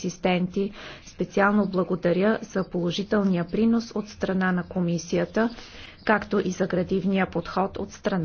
асистенти. Специално благодаря за положителния принос от страна на комисията, както и за градивния подход от страна